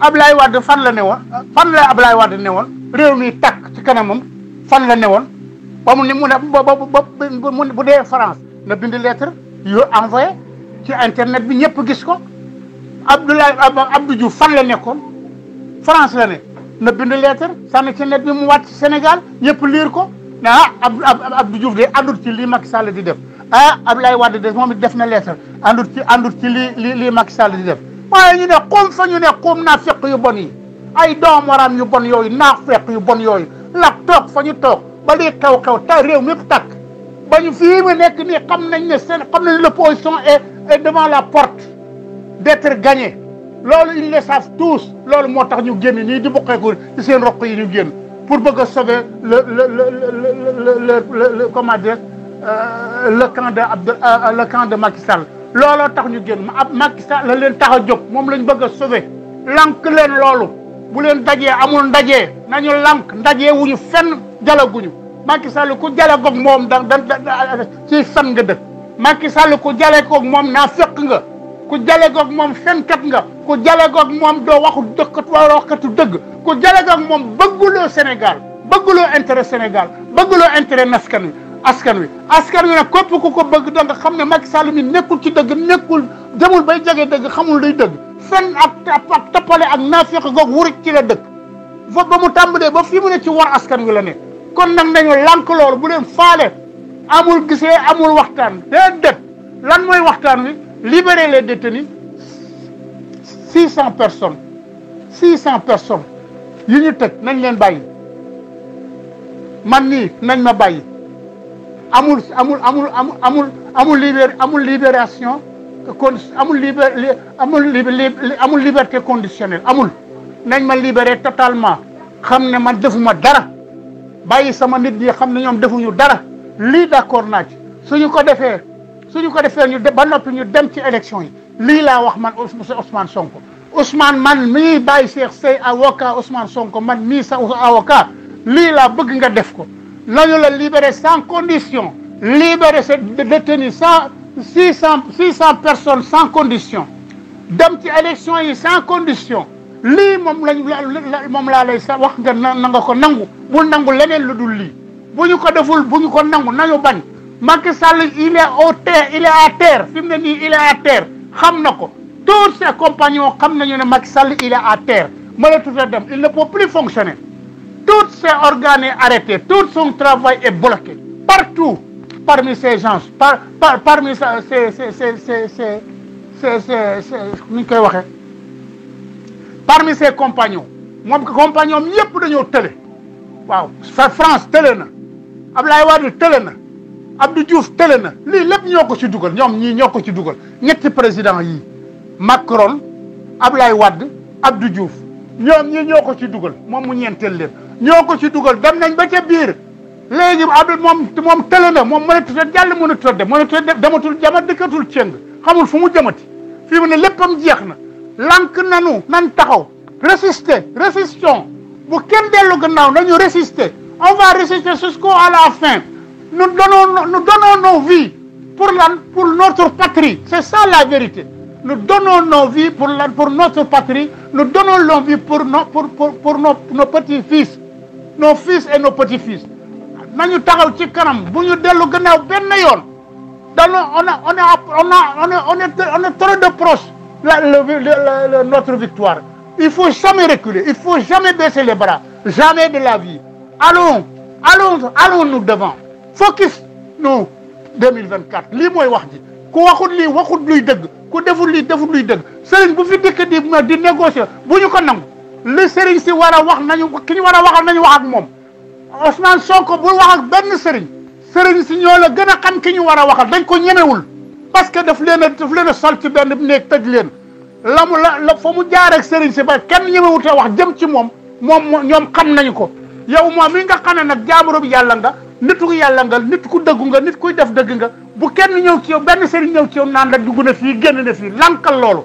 Ablaye Wade fan la ne woon fan la Ablaye Wade ne woon réew mi tàkk ci kanamam fan la ne woon ba mu ne mu ne ba bu dee France na bind lettre yo ci internet bi ñëpp gis ko Abdoulaye du Diouf fan la nekkoon France la ne na bind lettre sànni ci net bi mu wàcc Sénégal ñëpp liir ko ne ah du Diouf de àndut ci lii Macky Sall di def ah Ablaye Wade de moom it def na lettre àndut ci àndut ci lii lii Macky Sall di def Nous ñu ne xum sommes ne xum naa yu ay nous. la toog ne est devant la porte d'être gagné. loolu ils le savent tous loolu moo tax ñu pour le le le le le le camp de le camp de looloo tax ñu génn ab Macky Sall la leen tax a jóg moom lañ bëgg a sauver lank leen loolu bu leen dajee amul ndajee nañu lank ndajee wuñu fenn jalaguñu Macky Sall ku jalagoog moom da da ci fen nga dëkk Macky Sall ku jalekoog moom naa fekk nga ku jalekoog moom ket nga ku jalekoog moom doo waxu dëkkat wala waxkatu dëgg ku jalekoog moom bëgguloo Sénégal bëgguloo intérêt Sénégal bëgguloo intérêt naskan wi askan wi askan wi nag képp ku ko bëgg da nga xam ne Macky Sall mi nekkul ci dëgg nekkul demul bay jege dëgg xamul luy dëgg fen ak ak toppale ak naafiq goog wurit ci la dëkk fa ba mu tàmbalee ba fii mu ne ci war askan wi la ne kon nag nañu lànk loolu bu leen faale amul gisee amul waxtaan déedéet lan mooy waxtaan wi libérer les détenus six cent personnes six cent personnes yi ñu tëj nañ leen bàyyi man nii nañ ma bàyyi amul amul amul amul amul libér amul libération con amul libér amul amul liberté conditionnelle amul nañ ma libéré totalement xam ne man defuma dara bàyyi sama nit ñi xam ne ñoom defuñu dara lii d'accord naa su ñu ko defee suñu ko defee ñu ba noppi ñu dem ci élection yi lii laa wax man monsieur Ousmane Sonko Ousmane man mii bàyyi Cheikh Sey avocat Ousmane Sonko man mi sa avocat lii laa bëgg nga def ko lañu la libéré sans condition libéré sa détenu 600, 600 personnes sans condition dem ci élection yi sans condition Li mom la lay wax nga na ko nangu bu nangu leneen lu dul li buñu ko deful buñu ko nangu nayo bañ Macky Sall il est au terre il est à terre fi mu ne nii il est à terre xam nako tous ses compagnons xam nañu ne Macky Sall il est à terre mënatut a dem il ne peut plus fonctionner tous ses organes sont arrêtés, tout son travail est bloqué. Partout, parmi ces gens, par, parmi ces, parmi ses compagnons, mes compagnons télé. waaw sa France Télé, Ablaye Wadou, Abdou président Macron Ablaye Abdou Diouf les ci mu Télé ñoko ci duggal bam nañ ba ca bir légui abdul mom mom na nous. nous dematul jama Nous xamul fu mu jëmati mu ne léppam Nous, nanu nan taxaw résister résistons bu kenn gannaaw nañu résister on va résister jusqu'au à la fin nous donnons nous donnons nos vies pour la pour notre patrie c'est ça la vérité nous donnons nos vies pour la, pour notre patrie nous donnons nos vies pour nos pour pour, pour nos, nos petits-fils nos fils et nos petits-fils nañu taxaw ci kanam bu ñu dellu gannaaw benn yoon on on on est on est trop de proche la notre victoire il faut jamais reculer il faut jamais baisser les bras jamais de la vie allons allons allons nous devant focus nous 2024 lii mooy wax ji ku waxut lii waxut luy dëgg ku deful lii deful luy C'est sëriñ bu fi dëkk di négocier bu ko nangu. li sëriñ si war a wax nañu ki ñu war a waxal nañu wax ak moom Ousmane Sonko bul wax ak benn sëriñ sëriñ si ñoo la gën a xam ki ñu war a waxal dañ ko ñemewul parce que daf leen a daf leen a sol ci benn néeg tëj leen la mu la la fa mu jaar ak sëriñ si ba kenn te wax jëm ci moom moom ñoom xam nañu ko yow moom mi nga xam ne nag jaamuro bi yàlla nga nitu ku yàlla nga nit ku dëggu nga nit kuy def dëgg nga bu kenn ñëw ci yow benn sëriñ ñëw ci yow naan la dugg na fii génn na fii lankal loolu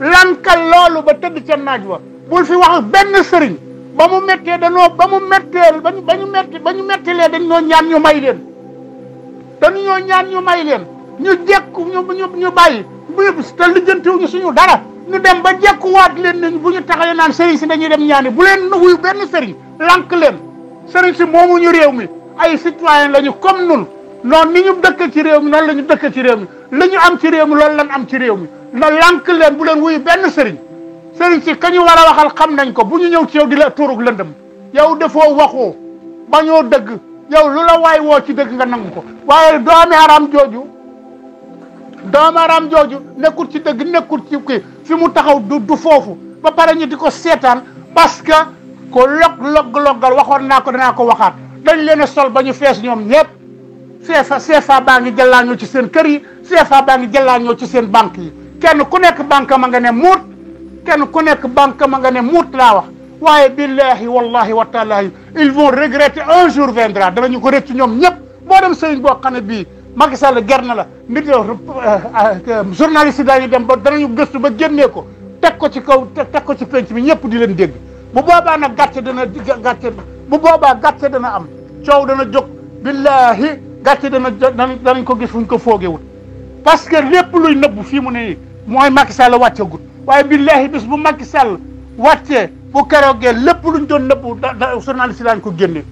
lankal loolu ba tëdd ca naaj wa bul fi wax benn sëriñ ba mu méttee danoo ba mu méttee ba ñu ba ñu métti ba ñu méttilee dañ ñoo ñaan ñu may leen dañ ñoo ñaan ñu may leen ñu jekku ñu ñu bàyyi bu te lijjantiwuñu suñu dara ñu dem ba jekkuwaat leen nañ bu ñu taxawee naan sëriñ si dañuy dem ñaani bu leen wuyu benn sëriñ lànk leen sëriñ si moomu ñu réew mi ay citoyen lañu comme nun noonu ni ñu dëkk ci réew mi noonu la ñu dëkk ci réew mi la ñu am ci réew mi loolu lan am ci réew mi na lànk leen bu leen wuyu benn sëriñ sëriñ si kañu war a waxal xam nañ ko bu ñu ñëw ci yow di la tuurug lëndëm yow defoo waxoo bañoo dëgg yow lu la waay woo ci dëgg nga nangu ko waaye doomi haram jooju doomi haram jooju nekkul ci dëgg nekkul ci kii fi mu taxaw du foofu ba pare ñu di ko seetaan parce que ko log log loggal waxoon naa ko danaa ko waxaat dañ leen sol ba ñu fees ñoom ñëpp CFA CFA baa ngi jëllaañoo ci seen kër yi CFA baa ngi jëllaañoo ci seen banque yi kenn ku nekk banque ma nga ne muut kenn ku nekk banque ma nga ne wax billahi wallahi wa ta'ala. ils vont regretter un jour viendra danañu ko rëcc ñom ñep. boo dem sëriñ Bo xane bi bii Macky Sall la nit euh, journaliste dañu dem ba dañu gëstu ba gënné ko Tek ko ci kaw tek ko ci penc bi ñep di leen dégg bu boba nag gàcce dana gàcce bu boba gàcce dana am Ciow dana jóg billahi gàcce dana danañ ko gis fuñ ko foogewut parce que lepp luy neub fi mu ne moy Macky Sall wàccagut waaye billaahi bis bu Macky Sall wàccee bu keroogee lépp luñ doon nëbbu da journaliste yi daan ko génne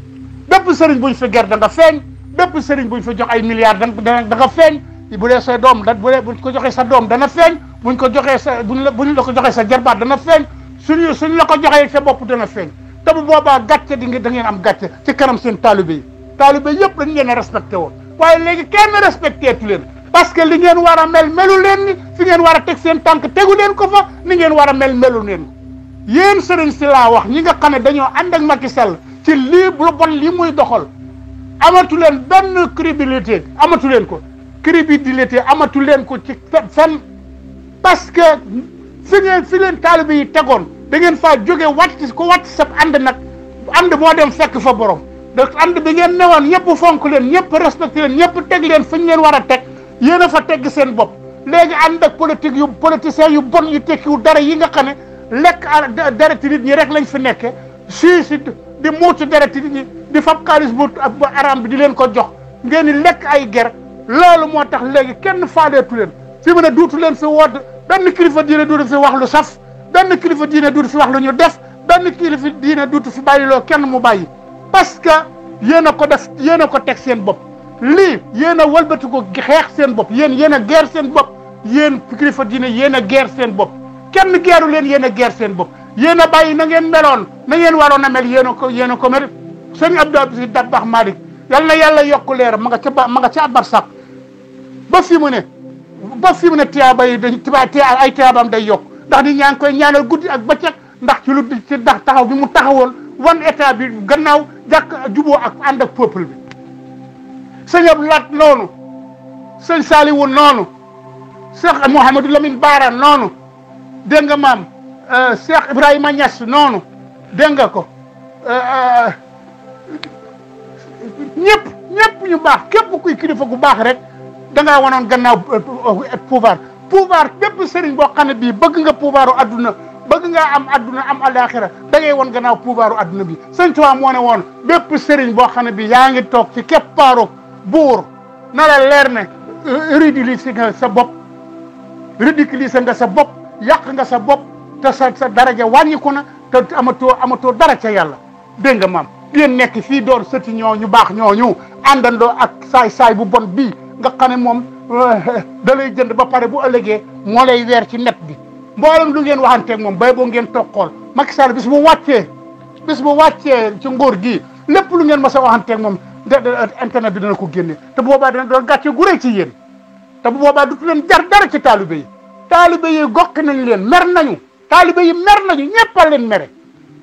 bépp bu buñ fa ger da nga feeñ bépp bu buñ fa jox ay milliards da nga feeñ bu dee sa doom da bu dee ko joxee sa doom dana feeñ buñ ko joxee sa buñ la buñ la ko joxee sa jarbaat dana feeñ suñu suñ la ko joxee sa bopp dana feeñ te bu boobaa gàcce di da ngeen am gàcce ci kanam seen taalibe yi taalibe yëpp dañ leen a respecté woon waaye léegi kenn respecté tu leen parce que li ngeen war a mel melu leen ni fi ngeen war a teg seen tànk tegu leen ko fa li ngeen war a mel melu leen yéen sëriñ si laa wax ñi nga xam ne dañoo ànd ak Macky Sall ci lii lu bon li muy doxal amatu leen benn crédibilité amatu leen ko crédibilité amatu leen ko ci fen parce que fi ngeen fi leen taalibe yi tegoon da ngeen faa jóge wàcc ko wàcc sab ànd nag ànd moo dem fekk fa borom da ànd bi ngeen newoon ñëpp fonk leen ñëpp respecté leen ñëpp teg leen fi ñu war a teg yéen a fa tegg seen bopp léegi ànd ak politique yu politiciens yu bon yu tekkiwu dara yi nga xam ne lekk dereti nit ñi rek lañu fi nekke sii si di muuti dereti nit ñi di fab xaalis bu aram bi di leen ko jox ngeen di lekk ay ger loolu moo tax léegi kenn faadeetu leen fi mu duutu leen fi wodd benn kilifa diine duutu fi wax lu saf benn kilifa diine duutu fi wax lu ñu def benn kilifa diine duutu fi bàyyiloo kenn mu bàyyi parce que yéen a ko def yéen a ko teg seen bopp lii yéen a walbati ko xeex seen bopp yéen yéen a geer seen bopp yéen kilifa diine yéen a geer seen bopp kenn geeru leen yéen a geer seen bopp yéen a bàyyi na ngeen meloon na ngeen waroon na mel yéen a ko yéen a ko mel sëñ Abdou si Dabakh Malick yal na yàlla yokk leer ma nga ca ba ma nga ca abar sàq ba fi mu ne ba fi mu ne tiyaaba yi dañ tiba ay tiyaabaam day yokk ndax di ñaa ngi koy guddi ak bëccëg ndax ci lu ci ndax taxaw bi mu taxawoon wan état bi gannaaw jàkk juboo ak ànd ak peuple bi sëñ Lat nonu sëñ Saliwu nonu Cheikh Mouhamadou Lamine bara nonu denga nyep euh, nyep Cheikh Ibrahima Niass nonu denga ko euh, euh ñep ñep ñu bax kep kuy kilifa gu bax rek da nga wonon gannaaw euh, pouvoir pouvoir kep serigne bo xane bi bëgg nga pouvoiru aduna bëgg nga am aduna am alakhirah da ngay won gannaaw pouvoiru aduna bi sëñ Tuubaa mo ne won bëpp serigne bo xane bi yaangi tok ci kep paaro bour na la leer ne ridiculiser nga sa bop ridiculiser nga sa bop yak nga sa bop ta sa sa daraja ko na ta amato amato dara ca yalla de nga mam ngeen nek fi doon sëti ñoo ñu ñoo ñu andando ak say say bu bon bi nga xane mom moom eh, da lay jënd ba paré bu ëlëgé mo lay wër ci net bi mbolam lu ngeen ak mom bay bo ngeen tokkol makissar bis bu wàccee bis bu wàccee ci ngor gi lepp lu ngeen mas a waxanteeg moom de internet bi dana ko génne te boba dana do gatché gu rëy ci yeen te bu boba du leen jar dara ci talibé yi talibé yi gokk nañ leen mer nañu talibé yi mer nañu ñeppal leen mere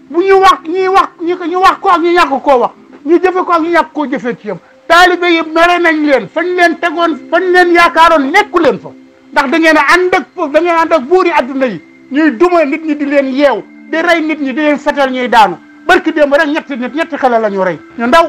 bu ñu wax ñi wax ñu wax ko ak ñu ñàkk ko wax ñi jëfé ko ak ñu ñàkk ko jëfé ci yam talibé yi mere nañ leen fañ leen tegoon fañ leen yaakaaron nekku leen fa ndax da ngeen and ak da ngeen and ak buri aduna yi ñuy duma nit ñi di leen yew di ray nit ñi di leen fetal ñuy daanu barki démb rek ñetti nit ñetti xale la ñu rey ñu ndaw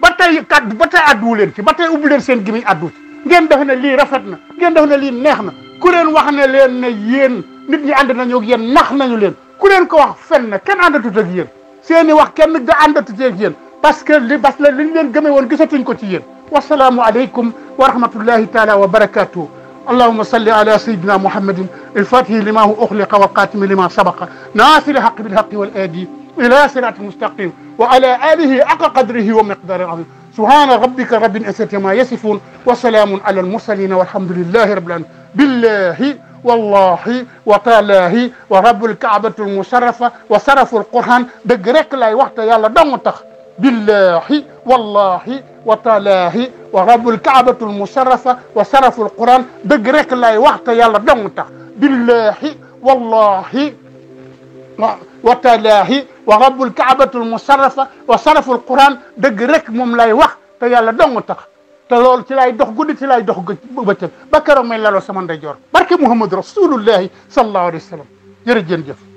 ba tey kaddu ba tey adduwu leen ci ba tey ubbi leen seen gimiñ addu ci ngeen def ne lii rafet na ngeen def ne lii neex na ku leen wax ne leen ne yéen nit ñi ànd nañu ak yéen nax nañu leen ku leen ko wax fen na kenn àndatut ak yéen seen i wax kenn ga àndatut ak yéen parce que li parce que liñ leen gëmee woon gisatuñ ko ci yéen wasalaamu aleykum wa rahmatullahi taala wa barakatuhu اللهم صل على سيدنا محمد الفاتح لما هو أخلق والقاتم لما سبق ناصر الحق بالحق والآدي إلى صراط مستقيم وعلى آله حق قدره ومقداره العظيم سبحان ربك رب العزة ما يصفون وسلام على المرسلين والحمد لله رب العالمين بالله والله وتالاه ورب الكعبة المشرفة وصرف القرآن بقريك لاي وقت يلا دم تخ بالله والله وتالاه ورب الكعبة المشرفة وصرف القرآن بقريك لاي وقت يلا دم تخ بالله والله وتالاه ورب الكعبة المصرفة وصرف القرآن دق رك مملاي وح تيالا دونغ تخ تلول تلاي دخ قد تلاي دخ بكر من الله سمان دجور بركي محمد رسول الله صلى الله عليه وسلم يرجين جفو